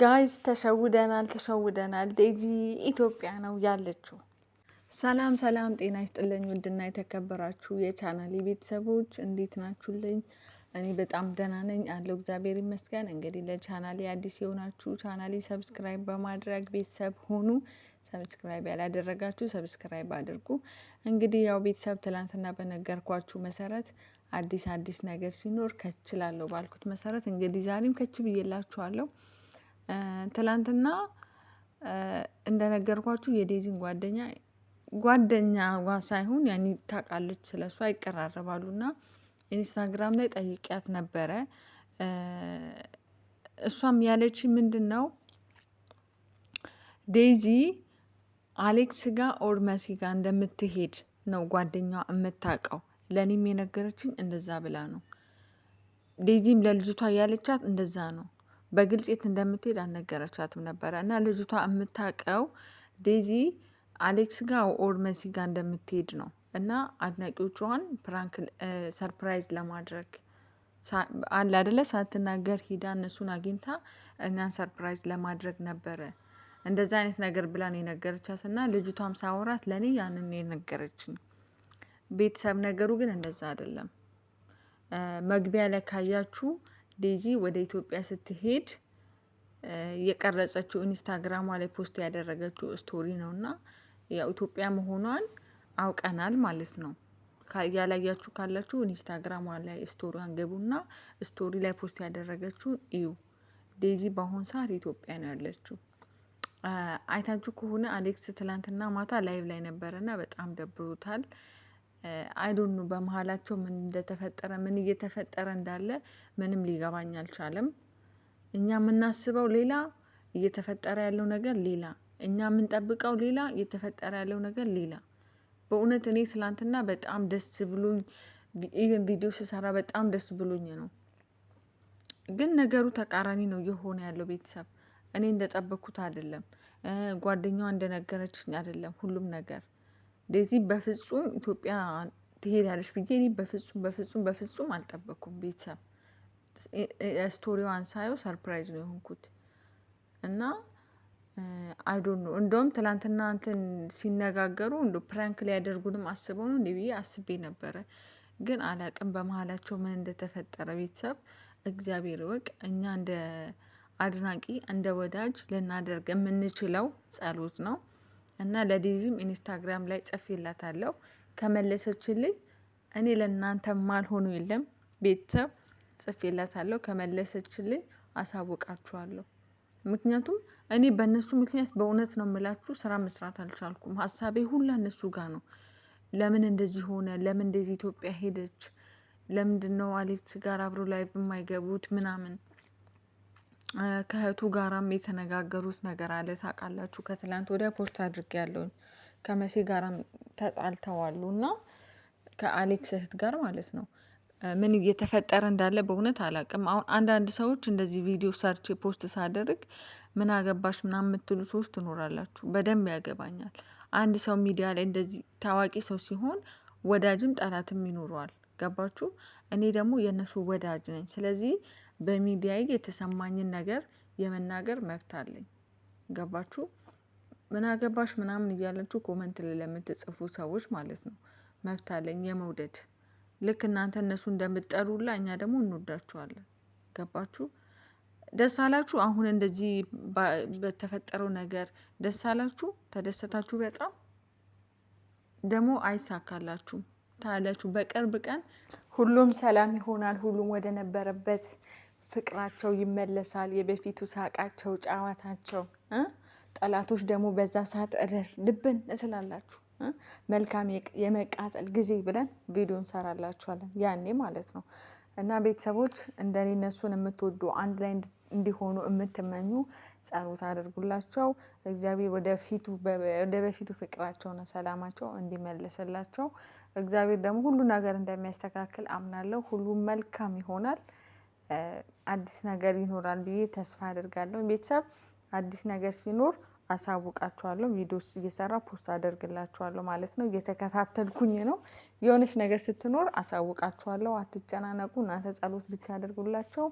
ጋይዝ ተሸውደናል ተሸውደናል። ዴዚ ኢትዮጵያ ነው ያለችው። ሰላም ሰላም፣ ጤና ይስጥልኝ ውድና የተከበራችሁ የቻናል ቤተሰቦች እንዴት ናችሁልኝ? እኔ በጣም ደህና ነኝ አለው እግዚአብሔር ይመስገን። እንግዲህ ለቻናል አዲስ የሆናችሁ ቻናል ሰብስክራይብ በማድረግ ቤተሰብ ሆኑ። ሰብስክራይብ ያላደረጋችሁ ሰብስክራይብ አድርጉ። እንግዲህ ያው ቤተሰብ ትላንትና በነገርኳችሁ መሰረት አዲስ አዲስ ነገር ሲኖር ከችላለሁ ባልኩት መሰረት እንግዲህ ዛሬም ከች ብዬላችኋለሁ። ትላንትና እንደነገርኳችሁ የዴዚን ጓደኛ ጓደኛዋ ሳይሆን ያኒ ታውቃለች፣ ስለሷ ይቀራረባሉ ና ኢንስታግራም ላይ ጠይቂያት ነበረ። እሷም ያለች ምንድን ነው ዴዚ አሌክስ ጋ ኦር መሲ እንደምትሄድ ነው ጓደኛዋ የምታውቀው። ለእኔም የነገረችኝ እንደዛ ብላ ነው። ዴዚም ለልጅቷ ያለቻት እንደዛ ነው። በግልጽ የት እንደምትሄድ አልነገረቻትም ነበረ እና ልጅቷ የምታውቀው ዴዚ አሌክስ ጋር ኦር መሲ ጋር እንደምትሄድ ነው እና አድናቂዎቿን ፕራንክ ሰርፕራይዝ ለማድረግ አለ አደለ ሳትናገር ሂዳ እነሱን አግኝታ እኛን ሰርፕራይዝ ለማድረግ ነበረ እንደዛ አይነት ነገር ብላን የነገረቻት እና ልጅቷም ሳወራት ለእኔ ያንን የነገረችን ቤተሰብ ነገሩ ግን እንደዛ አይደለም። መግቢያ ላይ ካያችሁ ዴዚ ወደ ኢትዮጵያ ስትሄድ የቀረጸችው ኢንስታግራሟ ላይ ፖስት ያደረገችው ስቶሪ ነው እና ያው ኢትዮጵያ መሆኗን አውቀናል ማለት ነው። ያላያችሁ ካላችሁ ኢንስታግራሟ ላይ ስቶሪዋን ግቡና ስቶሪ ላይ ፖስት ያደረገችውን እዩ። ዴዚ በአሁኑ ሰዓት ኢትዮጵያ ነው ያለችው። አይታችሁ ከሆነ አሌክስ ትላንትና ማታ ላይቭ ላይ ነበረና በጣም ደብሮታል። አይዶኑ በመሃላቸው ምን እንደተፈጠረ ምን እየተፈጠረ እንዳለ ምንም ሊገባኝ አልቻለም። እኛ የምናስበው ሌላ እየተፈጠረ ያለው ነገር ሌላ እኛ የምንጠብቀው ሌላ እየተፈጠረ ያለው ነገር ሌላ። በእውነት እኔ ትላንትና በጣም ደስ ብሎኝ ኢቨን ቪዲዮ ስሰራ በጣም ደስ ብሎኝ ነው። ግን ነገሩ ተቃራኒ ነው እየሆነ ያለው ቤተሰብ እኔ እንደጠበኩት አይደለም። ጓደኛዋ እንደነገረችኝ አይደለም ሁሉም ነገር እንደዚህ በፍጹም ኢትዮጵያ ትሄዳለች ብዬ እኔ በፍጹም በፍጹም በፍጹም አልጠበኩም። ቤተሰብ ስቶሪዋን ሳየው ሰርፕራይዝ ነው የሆንኩት እና አይዶን ነው እንደውም ትላንትና እንትን ሲነጋገሩ እንደ ፕራንክ ሊያደርጉንም አስበው ነው እንደ ብዬ አስቤ ነበረ። ግን አላቅም በመሀላቸው ምን እንደተፈጠረ ቤተሰብ እግዚአብሔር ይወቅ። እኛ እንደ አድናቂ እንደ ወዳጅ ልናደርግ የምንችለው ጸሎት ነው። እና ለዲዚም ኢንስታግራም ላይ ጽፌላታለሁ ከመለሰችልኝ እኔ ለእናንተ ማልሆኑ የለም ቤተሰብ ጽፌላታለሁ ከመለሰችልኝ አሳውቃችኋለሁ። ምክንያቱም እኔ በእነሱ ምክንያት በእውነት ነው የምላችሁ ስራ መስራት አልቻልኩም ሀሳቤ ሁላ እነሱ ጋር ነው። ለምን እንደዚህ ሆነ ለምን እንደዚህ ኢትዮጵያ ሄደች? ነው አሌክስ ጋር አብሮ ላይቭ የማይገቡት ምናምን ከእህቱ ጋራም የተነጋገሩት ነገር አለ ታውቃላችሁ። ከትላንት ወዲያ ፖስት አድርጌያለሁኝ ከመሲ ጋራም ተጣልተዋሉ እና ከአሌክስ እህት ጋር ማለት ነው። ምን እየተፈጠረ እንዳለ በእውነት አላውቅም። አሁን አንዳንድ ሰዎች እንደዚህ ቪዲዮ ሰርች ፖስት ሳደርግ ምን አገባሽ ምናምን የምትሉ ሰዎች ትኖራላችሁ። በደንብ ያገባኛል። አንድ ሰው ሚዲያ ላይ እንደዚህ ታዋቂ ሰው ሲሆን ወዳጅም ጠላትም ይኖረዋል። ገባችሁ? እኔ ደግሞ የእነሱ ወዳጅ ነኝ። ስለዚህ በሚዲያዬ የተሰማኝን ነገር የመናገር መብት አለኝ። ገባችሁ? ምን አገባሽ ምናምን እያላችሁ ኮመንት ላይ ለምትጽፉ ሰዎች ማለት ነው መብት አለኝ የመውደድ ልክ እናንተ እነሱ እንደምትጠሉ እኛ ደግሞ እንወዳችኋለን። ገባችሁ? ደስ አላችሁ አሁን እንደዚህ በተፈጠረው ነገር ደስ አላችሁ ተደሰታችሁ በጣም ደግሞ አይሳካላችሁም ታያላችሁ በቅርብ ቀን ሁሉም ሰላም ይሆናል። ሁሉም ወደ ነበረበት ፍቅራቸው ይመለሳል። የበፊቱ ሳቃቸው፣ ጨዋታቸው ጠላቶች ደግሞ በዛ ሰዓት እረር ልብን እስላላችሁ መልካም የመቃጠል ጊዜ ብለን ቪዲዮ እንሰራላችኋለን ያኔ ማለት ነው። እና ቤተሰቦች እንደኔ እነሱን የምትወዱ አንድ ላይ እንዲሆኑ የምትመኙ ጸሎት አድርጉላቸው። እግዚአብሔር ወደ በፊቱ ፍቅራቸውና ሰላማቸው እንዲመልስላቸው እግዚአብሔር ደግሞ ሁሉ ነገር እንደሚያስተካክል አምናለሁ። ሁሉም መልካም ይሆናል። አዲስ ነገር ይኖራል ብዬ ተስፋ አደርጋለሁ። ቤተሰብ አዲስ ነገር ሲኖር አሳውቃችኋለሁ ቪዲዮስ እየሰራ ፖስት አደርግላችኋለሁ ማለት ነው። እየተከታተልኩኝ ነው የሆነች ነገር ስትኖር አሳውቃችኋለሁ። አትጨናነቁ እናንተ ጸሎት ብቻ አድርጉላቸው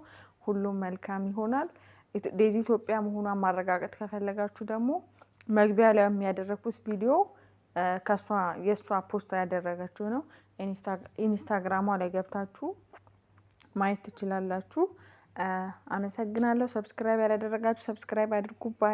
ሁሉም መልካም ይሆናል። ዴዚ ኢትዮጵያ መሆኗን ማረጋገጥ ከፈለጋችሁ ደግሞ መግቢያ ላይ የሚያደረግኩት ቪዲዮ ከእሷ የእሷ ፖስት ያደረገችው ነው። ኢንስታግራሟ ላይ ገብታችሁ ማየት ትችላላችሁ። አመሰግናለሁ ሰብስክራይብ ያላደረጋችሁ ሰብስክራይብ አድርጉ ባይ